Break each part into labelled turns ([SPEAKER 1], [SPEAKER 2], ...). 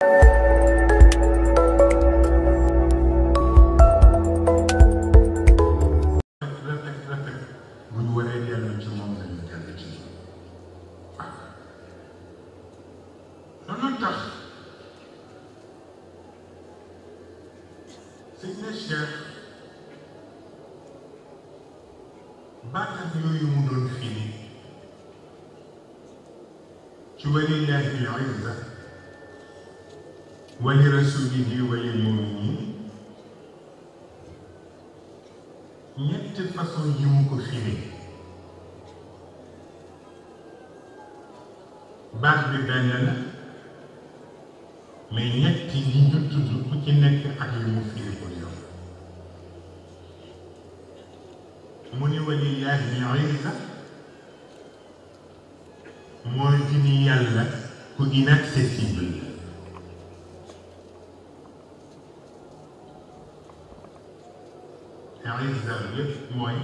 [SPEAKER 1] thank you façon yi mu ko firee baax bi benn la mais ñetti yi ñu tudd ku ci nekk ak li mu firi ko mu ni walillaahi isa mooy dini yàlla ku inaccessible izza mooy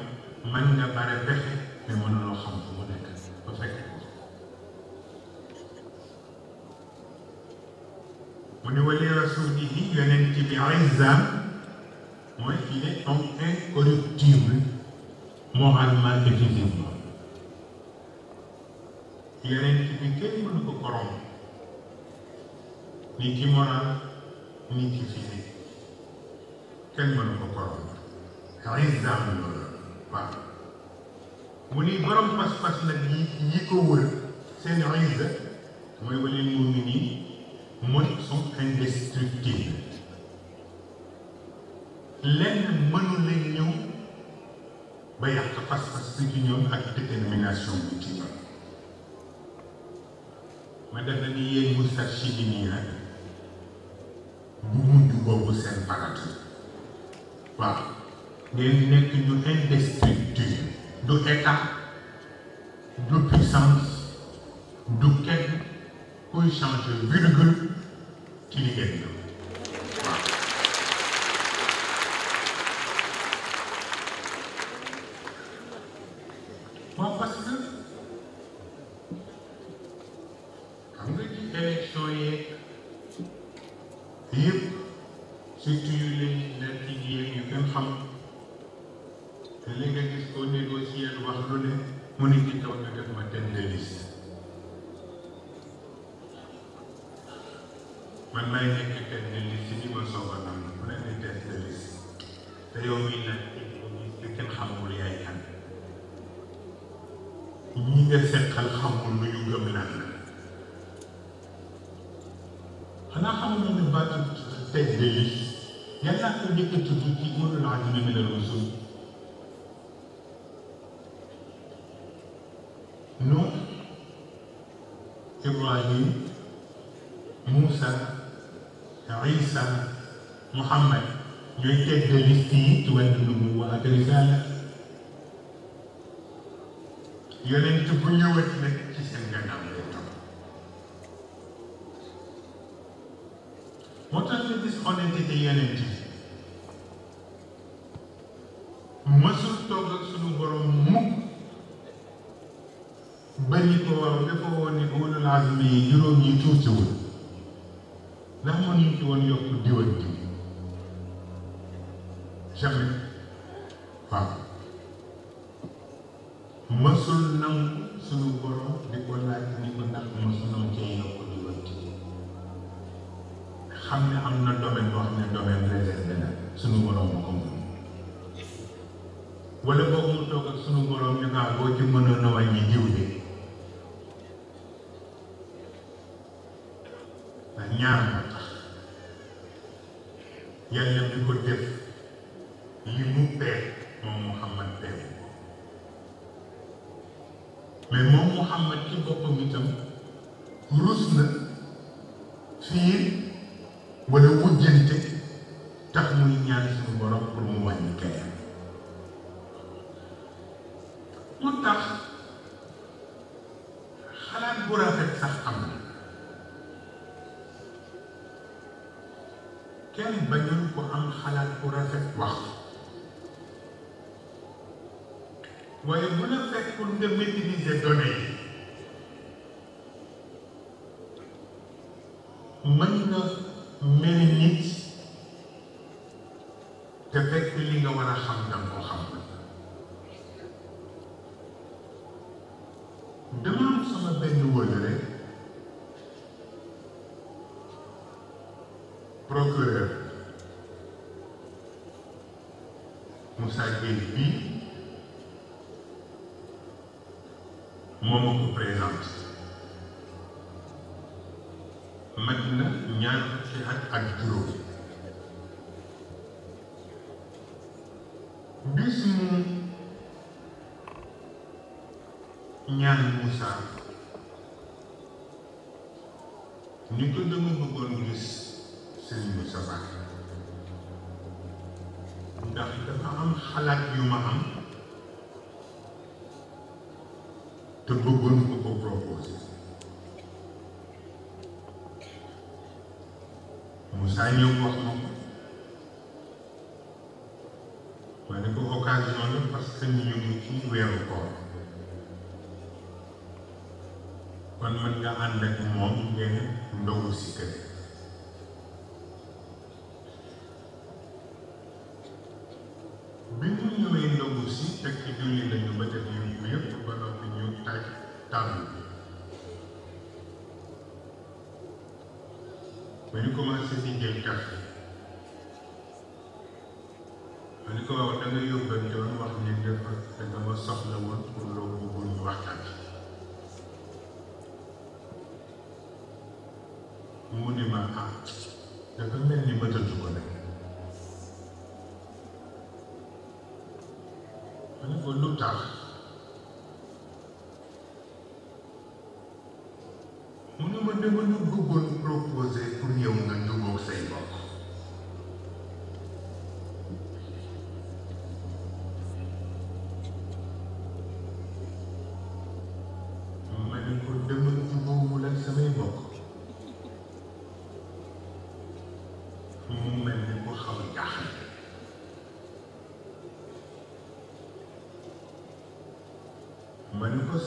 [SPEAKER 1] mën nga bare pexe mais mënuloo xam fu mu nekk ba fekk mu ne wali rasulihi yonent bi izzaam mooy il est homme incorruptible moralement et physiquement yonent bi kenn mënu ko korom ni ci moral ni ci physique kenn mënu ko korom quinze ans loolu waaw mu ni borom pas-pas nag ñi ñi ko wër seen izza mooy wala mu ngi nii mooy sont indestructibles lenn mënu la ñëw ba yàq pas-pas bi ci ñoom ak détermination bi ci ñoom ma def na ni yéen Moustarchidine yi bu mujj boobu seen paratu waaw day nekk ñu indestructible du état du puissance du kenn kuy changer virgule ci liggéey man may nekk tête de liste ñu ma soog a noonu mu ne ni tête de liste te yow mii nag te kenn xamul yaay kan ñi nga seqal xamul lu ñu gëm lan la xanaa
[SPEAKER 2] xam nga ne baatu
[SPEAKER 1] tête de liste yàlla ko njëkk a tudd ci ulul azmi mina rusul Nuh Ibrahim Moussa Isa Muhammad ñooy tête de liste yi ci wàllu nubuwwa ak risaala yonent bu ñëwat nag ci seen gannaaw lay topp moo tax nga gis honnêteté yonent yi mësul toog ak sunu borom mukk ba ñu ko war dafa woon ne ulul azmi yi juróom yi tuutiwul ndax mën ñu ci woon yokk diwaan ji jamais waaw mësul nangu suñu borom di ko laaj ni ko ndax mësul nangu cee yokk xam ne am na domaine boo xam ne domaine réservé la suñu borom moo ko moom wala boobu mu toog ak suñu ñu ngaa boo ci mënoon a wàññi jiw de ñaar yàlla di ko def li mu peeg moom Muhammad peeg mais moom Muhammad ci boppam itam rus na fii wala wujjante la fekk pour nga maîtriser données yi mën na mel te fekk li nga war a xam da nga ko xam dama am sama benn wëlëre procureur Moussa Gueye bii Jonas mag na ñaar fukki ak juróom bis mu ñaan Moussa ni ko dama bëggoon gis sëriñ Moussa Ba ndax dafa am xalaat yu ma am te bëggoon ko proposé Moussa ñëw wax ma ko ma ne ko occasion la parce que ñu ngi ci weeru koor kon mën nga ànd ak moom commencé si njël tax ma ni ko waaw da nga yóbbante woon wax ni dafa dafa ma soxla woon pour loo bëggoon ñu waxtaan mu ni ma ah dafa mel ni ma tëdd ko nag ma ni ko lu mu ni ma dama ñu bëggoon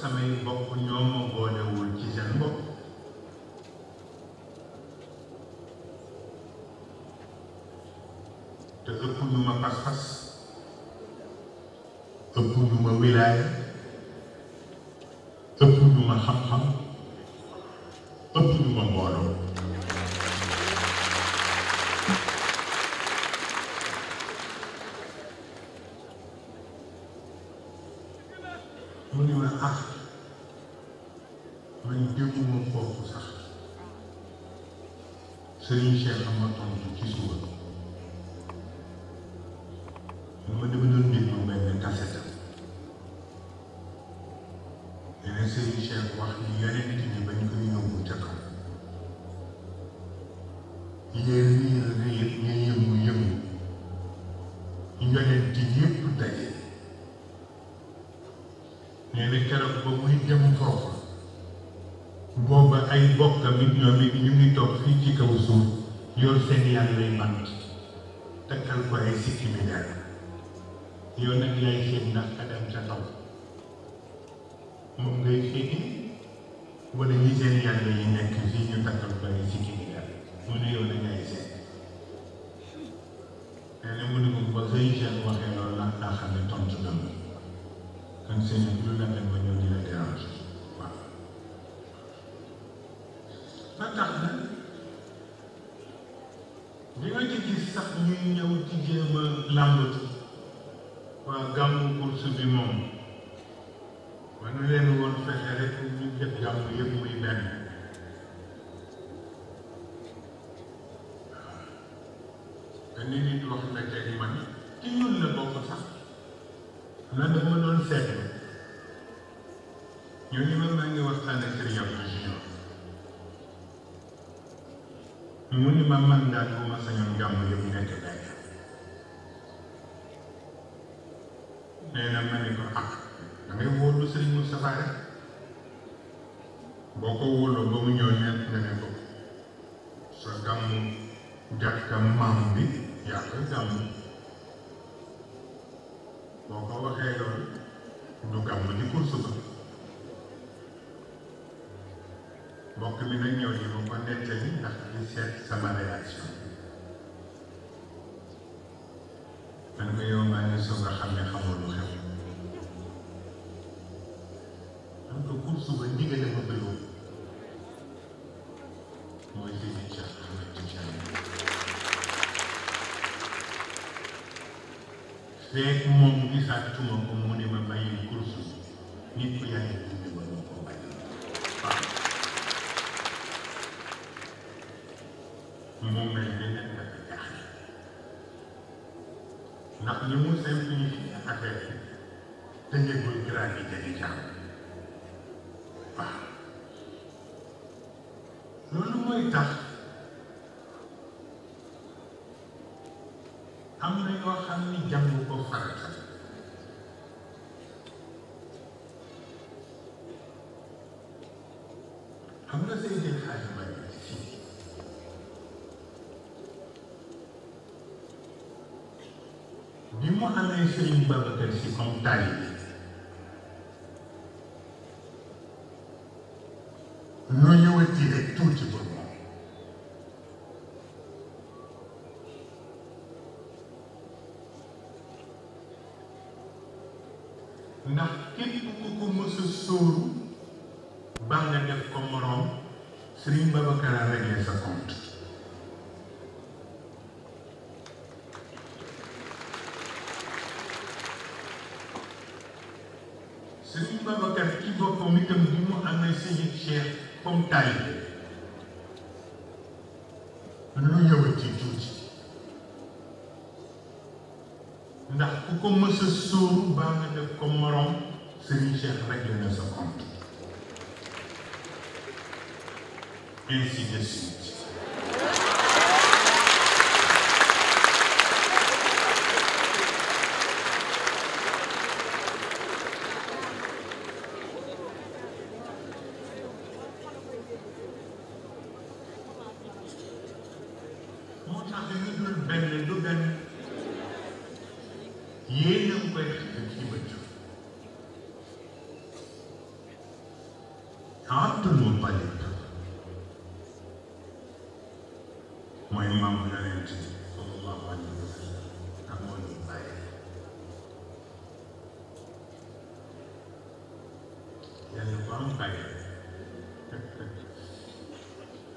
[SPEAKER 1] samay mbokk ñoo ma boolewul ci seen bopp te ëpp ñu ma pas-pas ëpp ma wilaaya ëpp ñu ma xam-xam Serigne Cheikh wax ni yonent bi ba ñu koy yóbbu ca kaw yéen ñi réer ñu yëngu yëngu yonent yëpp daje nee na ba muy dem foofu booba ay bokkam it ñoom it ñu ngi toog fii ci kaw suuf yor seen yàlla lay mant takkal ko ay sikki bi nag yaay seen ndax adam ca kaw moom ngay fekki wala ñi seen yàlla yi nekk fii ñu takkal ba ñu sikki bi yàlla mu ne yow la ngay seet nee na mu ne ko ba waxee loolu la daa xam ne tontu na kon seen lu la mel ma ñëw di la déranger waaw ba tax na li nga ci sax ñuy ñëw ci jéem a làmbatu waa gàmmu course bi moom lu leen woon fexe rek ñu def jàmm yëpp muy benn benn nit wax na tey man ci ñun la bokk sax la dama doon seetlu ñu ni ma maa ngi waxtaan ak Serigne Abdou Junior
[SPEAKER 2] mu ni ma man daal bu ma sañoon jàmm yëpp
[SPEAKER 1] nekk benn nee na ma ni ko ak ah, Moustapha rek boo ko wóoloo ba mu ñëw ñett nga ne ko sa gàmmu jàkka maam bi yàq gàmmu boo ko waxee loolu du gàmmu ni pour suba mbokk mi nag ñëw yi ma ko nettali ndax di seet sama réaction man ko yow maa ngi soog a xam ne xamul lu xew suba ndigal la bëgg loolu mooy Seydi Cheikh Ahmed Tidiane feek moom gisaatuma ko mu ne ma bàyyi kursu nit ku yàlla dund ba moo ko bañ mu mel ne nag dafa jaaxle ndax li mu simplifié affaire bi te nekkul gravité di jàmm loolu mooy tax am na xam ni jàng ko farata xam nga seen i xayma yi fii bi mu amee Serigne Babacar Sy comme taalibe sóoru ba nga def ko moroom Serigne Babacar a réglé sa compte Serigne Babacar ci boppam itam bi mu amee Serigne Cheikh comme tay lu ñëw ci tuuti ndax ku ko mës a sóoru nga def ko moroom Serigne Cheikh réglé na sa compte ainsi de suite mooy maam bu yonent sallallahu alayhi wa sallam ak moo ñu bàyyi yàlla bu am bàyyi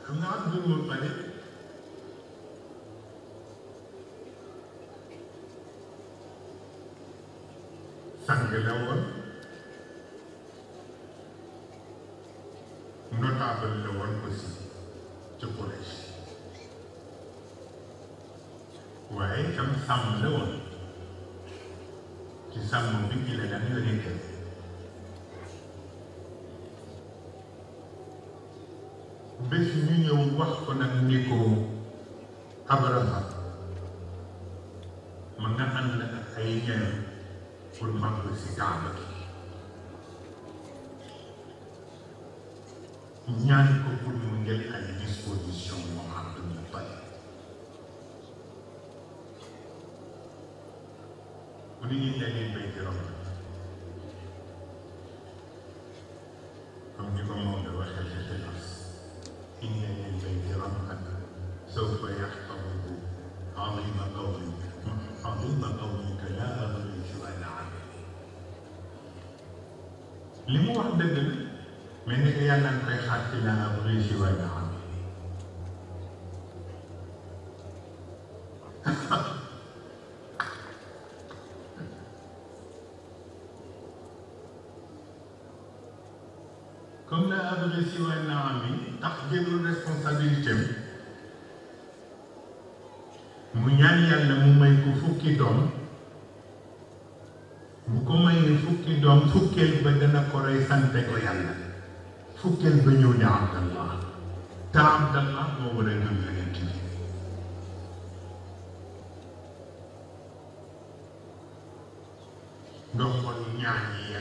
[SPEAKER 1] xam nga am jur ma bàyyi waaye itam sàmm la woon ci sàmm bi ci la daan yonente bés ñu ñëw wax ko nag ni ko Abraha ma nga ànd ak ay ñaan pour màgg si Kaaba ñaan ko pour mu jël ay disposition moo xam ne ñu bari 우리 인생이 매기로 경기가 몸으로 해주세요 인생이 매기로 سوف يحفظه عظيم قولك عظيم قولك لا أغني سوى عملي li mu wax dëgg la mais ni ko yàlla na koy xaar ci laa أغني سوى comme la abri si way naam bi tax jëlul responsabilité mu ñaan yàlla mu may ko fukki doom bu ko mayee fukki doom fukkeel ba dana ko rey sante ko yàlla fukkeel ba ñëw ne Abdallah te Abdallah moo war a gëm yonent bi nga xool ñaan yi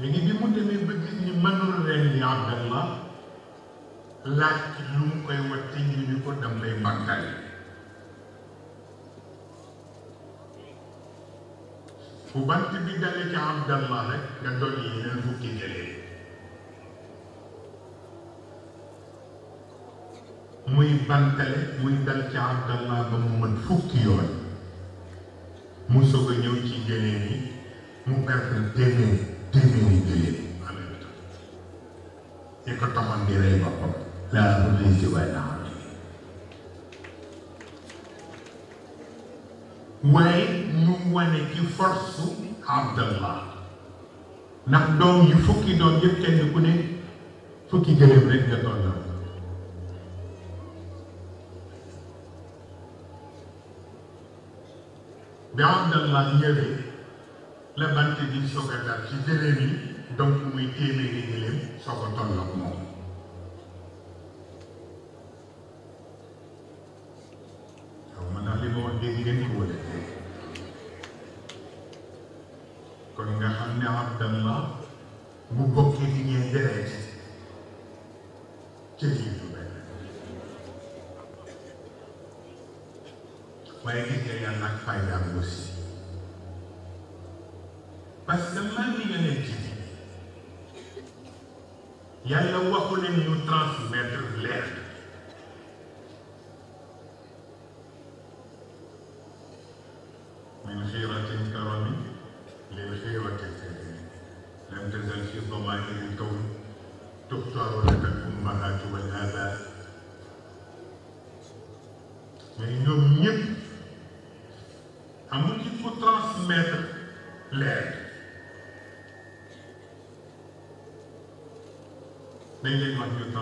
[SPEAKER 1] léegi bi mu demee ba ni mënul leen yi Abdallah laaj ci lu mu koy watte ñu ko dam lay bàkkaay bu bant bi dalee ci Abdallah rek nga dolli yeneen fukki gëlee muy bantale muy dal ci Abdallah ba mu mën fukki yoon mu soog ñëw ci gëlee yi mu perte téeméer téeméeri jullit ñi ko taxoon di rey boppam laa bu lay jiwaay naa waaye ñu wane ci force Abdallah ndax doom yu fukki doom yëpp kenn ku ne fukki gëléem rek nga tolloo bi Abdallah ñëwee la bant di soog a dal ci jëlee bi donc muy téeméeri gëléem soo ko toll moom yàlla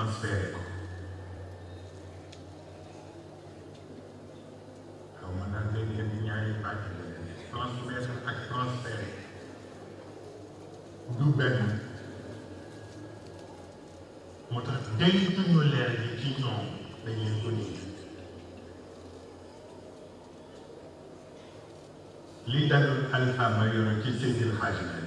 [SPEAKER 1] transféré ko xaw ma naan léegi yéen ñaari pàcc transmettre ak transféré du benn moo tax dénkuñu leer gi ci ñoom dañ ko nii li dalul alpha ma yoroon ci séddil xaaj na